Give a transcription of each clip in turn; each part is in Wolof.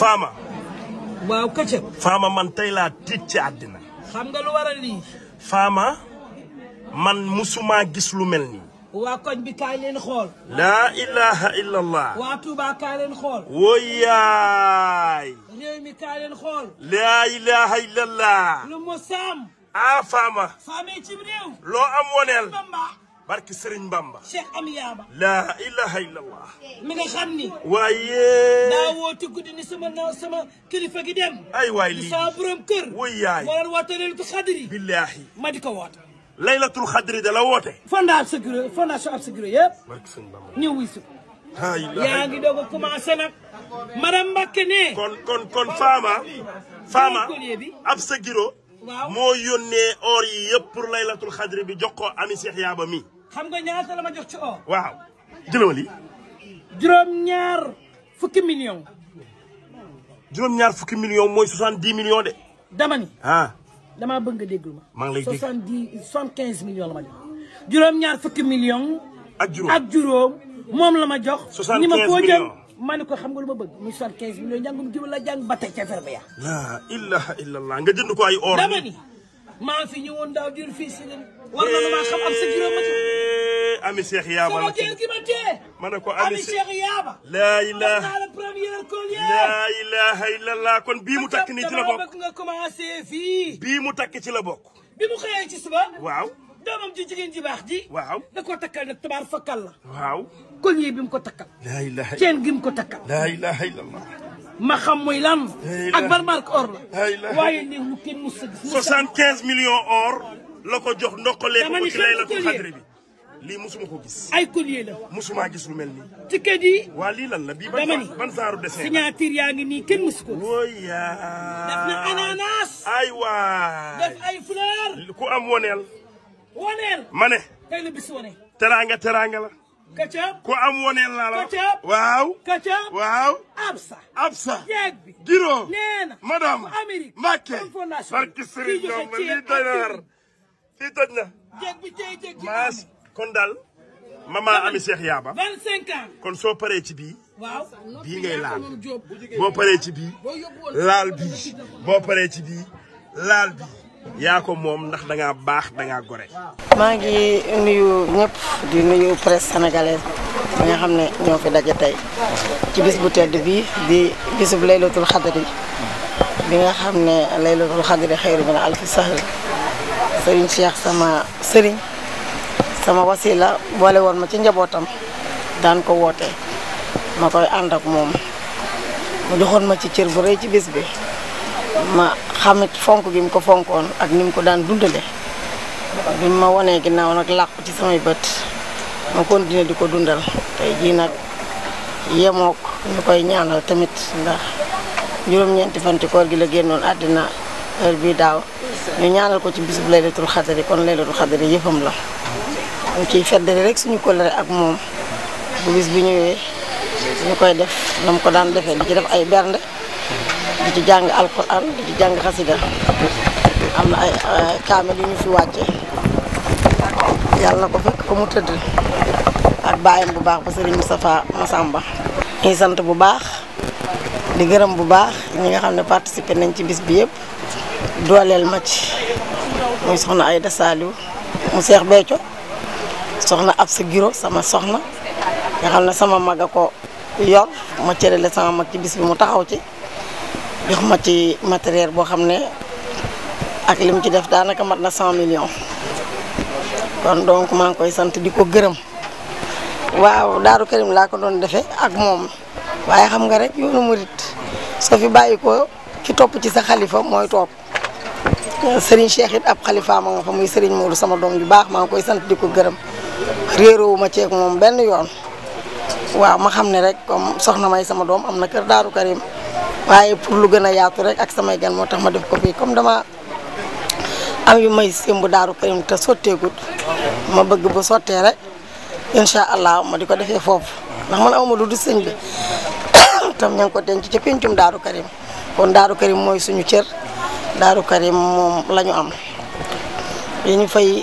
faama. waaw këccëg. faama man tey laa tiit ci àddina. xam waral lii. faama man musuma gis lu mel ni waa koñ bi kaay laa ilaha illallah. lu mu saam. Ah, faama. loo am woneel. barki Serigne Bamba. Cheikh Amiyaaba. laa ilaha illallah. mi nga xam ni. waaye. daa woote guddi ni sama na sama kilifa gi dem. ay waay lii saa borom kër. wuy yaay waroon woote laylatul xadri. billaahi. ma di ko woote. laylatul xadri da la woote. fondation ab Sécurité fondation ab Sécurité yëpp. barki Serigne Bamba ñëw wuy si. yaa ngi doog a commencé nag. madame Mbacke ne. kon kon kon Fama. Fama ab Sécurité. waaw moo yónnee or yi yëpp pour laylatul xadri bi jox ko ami Cheikh Yaaba mi. xam nga ñaata la ma jox ci o waaw jëlawal yi ñaar fukki million juróom-ñaar fukki million mooy soixante-dix millions de dama ni ah damaa bëgg nga déglu ma maa ngi lay dégg soixante-dix soixante-quinze millions la jox juróom-ñaar fukki million ak juróom ak juróom moom la ma jox soixante-quinze millions ni ko xam nga lu ma bëgg muy soixante-quinze millions njàngum jiw la jàng ba tey ca fer illallah nga jënd ko ay or dama maa fi ñëwoon daaw si leen war na maa xam am sa juróom ma eh, ami Cheikh Yaaba la teel gi ne ko ami laa ilaha la laa kon bii mu takk nii ci la bokk nga commencé fii bii mu takk ci la bokk bi mu xëyee ci suba waaw doomam ji jigéen ji baax ji. waaw da koo takkal nag tabaar fakkal la. waaw. collier bi mu ko takkal. laa ilaha ceen ko takkal. laa ma xam muy lan. ak ban marque or la. waaye néew lu kenn mu sëgg. or. la ko jox ndoxalee ko ci laylatul xadri bi lii musuma ko gis. ay collier la. musuma gis lu mel nii. ticket yi. waa lii lan ban genre ban genre yaa ngi nii kenn musu ko. wóoyaa. def na ananas. aywa. def ay fleur. ku am woneel. woneel. ma teraanga teraanga këcëb ku am woneel naa waaw waaw absa absa giro nee na madame Amérique Mbàkke barki sëriñ ñoom lii doy na kon dal mama ami Cheikh Yaba vingt kon soo paree ci bii waaw bii ngay laal boo paree ci bii laal bii boo paree ci bii laal bii yaa ko moom ndax da ngaa baax da ngaa gore. maa ngi nuyu ñëpp di nuyu presse sénégalaise bi nga xam ne ñoo fi daje tey ci bis bu tedd bi di bisub laylatul xadri bi nga xam ne laylatul xadri xayru min alfi sahr sëriñ Cheikh sama sëriñ sama wasila boole woon ma ci njabootam daan ko woote ma koy ànd ak moom mu joxoon ma ci cër bu rëy ci bis bi. ma xamit fonk gi mu ko fonkoon ak ni ko daan dundale bi ma wanee ginnaaw nag làqu ci samay bët ma continuer di ko dundal tey jii nag yemook ñu koy ñaanal tamit ndax juróom-ñeenti fan ci koor gi la génnoon àddina heure bii daaw ñu ñaanal ko ci bisub laylatul xadari kon laylatul xadari yëfam la ñu ciy feddali rek suñu kóllëre ak moom bu bis bi ñëwee ñu koy def na mu ko daan defee di ci def ay bernde di ci jàng alquran di ci jàng xasida am na ay kaamel yu ñu fi wàcce yàlla na ko fekk fa mu tëdd ak baayam bu baax ba sëriñ Moustapha Massamba ñuy sant bu baax di gërëm bu baax ñi nga xam ne participé nañ ci bis bi yëpp dooleel ma ci muy soxna ay Saliou mu Seex Béthio soxna Absa Giro sama soxna nga xam ne sama mag a ko yor ma cërale sama mag ci bis bi mu taxaw ci jox ma ci matériel boo xam ne ak li mu ci def daanaka mat na 100 millions kon donc maa ngi koy sant di ko gërëm waaw Daaru Karim laa ko doon defee ak moom waaye xam nga rek yoonu murit soo fi bàyyi ko ki topp ci sa xalifa mooy toog Serigne Cheikh it ab xalifa ma nga fa muy Serigne Modou sama doom ju baax maa ngi koy sant di ko gërëm réeroowu ma ceeg moom benn yoon waaw ma xam ne rek comme soxna may sama doom am na kër Daaru Karim waaye pour lu gën a yaatu rek ak samay gan moo tax ma def ko fii comme dama am yu may simb daaru Karim te sotteegut ma bëgg bu sottee rek incha allah ma di ko defee foofu ndax man awma lu du tam ña ngi ko denc ci pencum daaru kon daaru Karim mooy suñu cër daaru Karim moom la ñu am yi ñu fay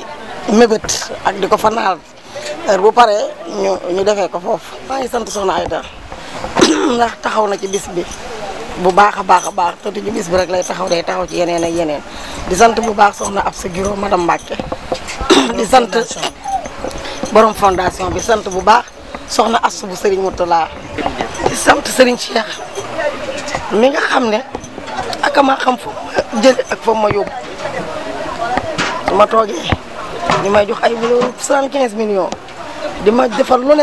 mébét ak di ko fa naal heure bu pare ñu ñu defee ko foofu maa ngi sant soxna Aïda ndax taxaw na ci bis bi bu baax a baax a baax te du bis bi rek lay taxaw day taxaw ci yeneen a yeneen di sant bu baax soxna ab sa giroo madame Mbacke di sant borom bi sant bu baax soxna astu bu Serigne Moutala di sant Serigne Cheikh mi nga xam ne ak maa xam foofu ma jële ma yóbbu su ma toogee ñu may jox ay valeur cent di ma defal lu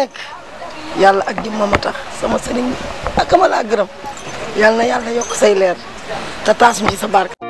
yàlla ak jëmmam tax sama Serigne ak ma laa gërëm yàlla na yàlla yokk say leer te tas mu ci sa barke